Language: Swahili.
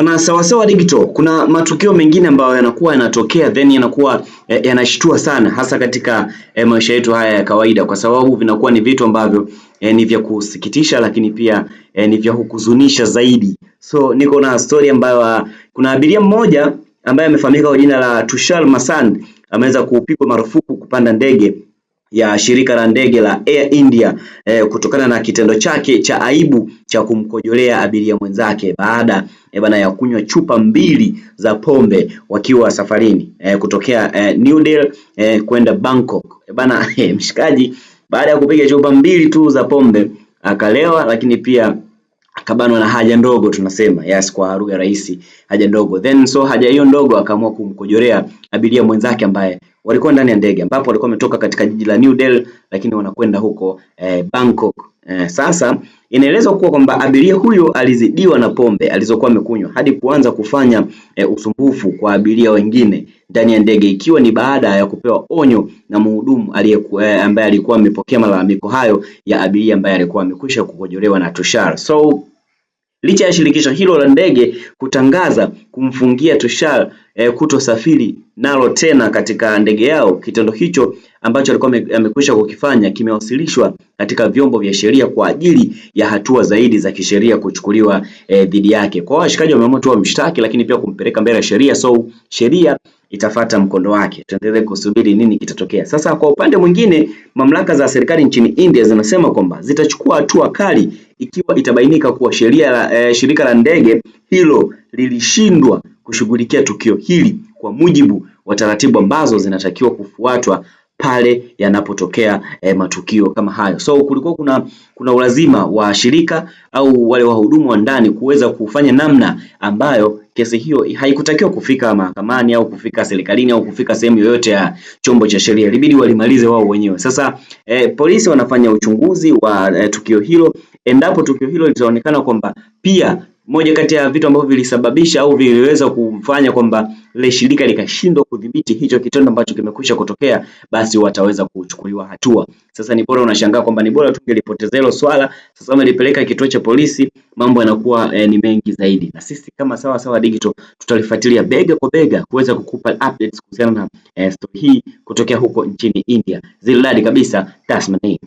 Wana sawasawa digital, kuna matukio mengine ambayo yanakuwa yanatokea then yanakuwa eh, yanashtua sana hasa katika eh, maisha yetu haya ya kawaida, kwa sababu vinakuwa ni vitu ambavyo eh, ni vya kusikitisha, lakini pia eh, ni vya kukuzunisha zaidi. So niko na story ambayo ah, kuna abiria mmoja ambaye amefahamika kwa jina la Tushar Masan ameweza kupigwa marufuku kupanda ndege ya shirika la ndege la Air India eh, kutokana na kitendo chake cha aibu cha kumkojolea abiria mwenzake baada e bana, ya kunywa chupa mbili za pombe wakiwa safarini e, kutokea e, New Delhi e, kwenda Bangkok e bana e, mshikaji baada ya kupiga chupa mbili tu za pombe akalewa, lakini pia akabanwa na haja ndogo, tunasema yes, kwa lugha rahisi, haja ndogo. Then so haja hiyo ndogo akaamua kumkojorea abiria mwenzake ambaye walikuwa ndani ya ndege, ambapo walikuwa wametoka katika jiji la New Delhi, lakini wanakwenda huko eh, Bangkok eh, sasa Inaelezwa kuwa kwamba abiria huyo alizidiwa na pombe alizokuwa amekunywa hadi kuanza kufanya e, usumbufu kwa abiria wengine ndani ya ndege, ikiwa ni baada ya kupewa onyo na mhudumu e, ambaye alikuwa amepokea malalamiko hayo ya abiria ambaye alikuwa amekwisha kukojolewa na tushar so licha ya shirikisho hilo la ndege kutangaza kumfungia Tushar kuto eh, kutosafiri nalo tena katika ndege yao. Kitendo hicho ambacho alikuwa amekwisha kukifanya kimewasilishwa katika vyombo vya sheria kwa ajili ya hatua zaidi za kisheria kuchukuliwa dhidi eh, dhidi yake. Kwa washikaji wameamua tu wamshtaki, lakini pia kumpeleka mbele ya sheria, so sheria itafata mkondo wake, tuendelee kusubiri nini kitatokea. Sasa kwa upande mwingine, mamlaka za serikali nchini India zinasema kwamba zitachukua hatua kali ikiwa itabainika kuwa sheria la, eh, shirika la ndege hilo lilishindwa kushughulikia tukio hili kwa mujibu wa taratibu ambazo zinatakiwa kufuatwa pale yanapotokea eh, matukio kama hayo. So kulikuwa kuna kuna ulazima wa shirika au wale wahudumu wa ndani kuweza kufanya namna ambayo kesi hiyo haikutakiwa kufika mahakamani au kufika serikalini au kufika sehemu yoyote ya chombo cha sheria, ilibidi walimalize wao wenyewe. Sasa eh, polisi wanafanya uchunguzi wa eh, tukio hilo. Endapo tukio hilo litaonekana kwamba pia moja kati ya vitu ambavyo vilisababisha au viliweza kumfanya kwamba lile shirika likashindwa kudhibiti hicho kitendo ambacho kimekwisha kutokea, basi wataweza kuchukuliwa hatua. Sasa ni bora, unashangaa kwamba ni bora tungelipoteza hilo swala, sasa umelipeleka kituo cha polisi, mambo yanakuwa eh, ni mengi zaidi. Na sisi kama Sawa Sawa Digital tutalifuatilia bega kwa bega kuweza kukupa updates kuhusiana na eh, story hii kutokea huko nchini India. Ziladi kabisa, Tasmania.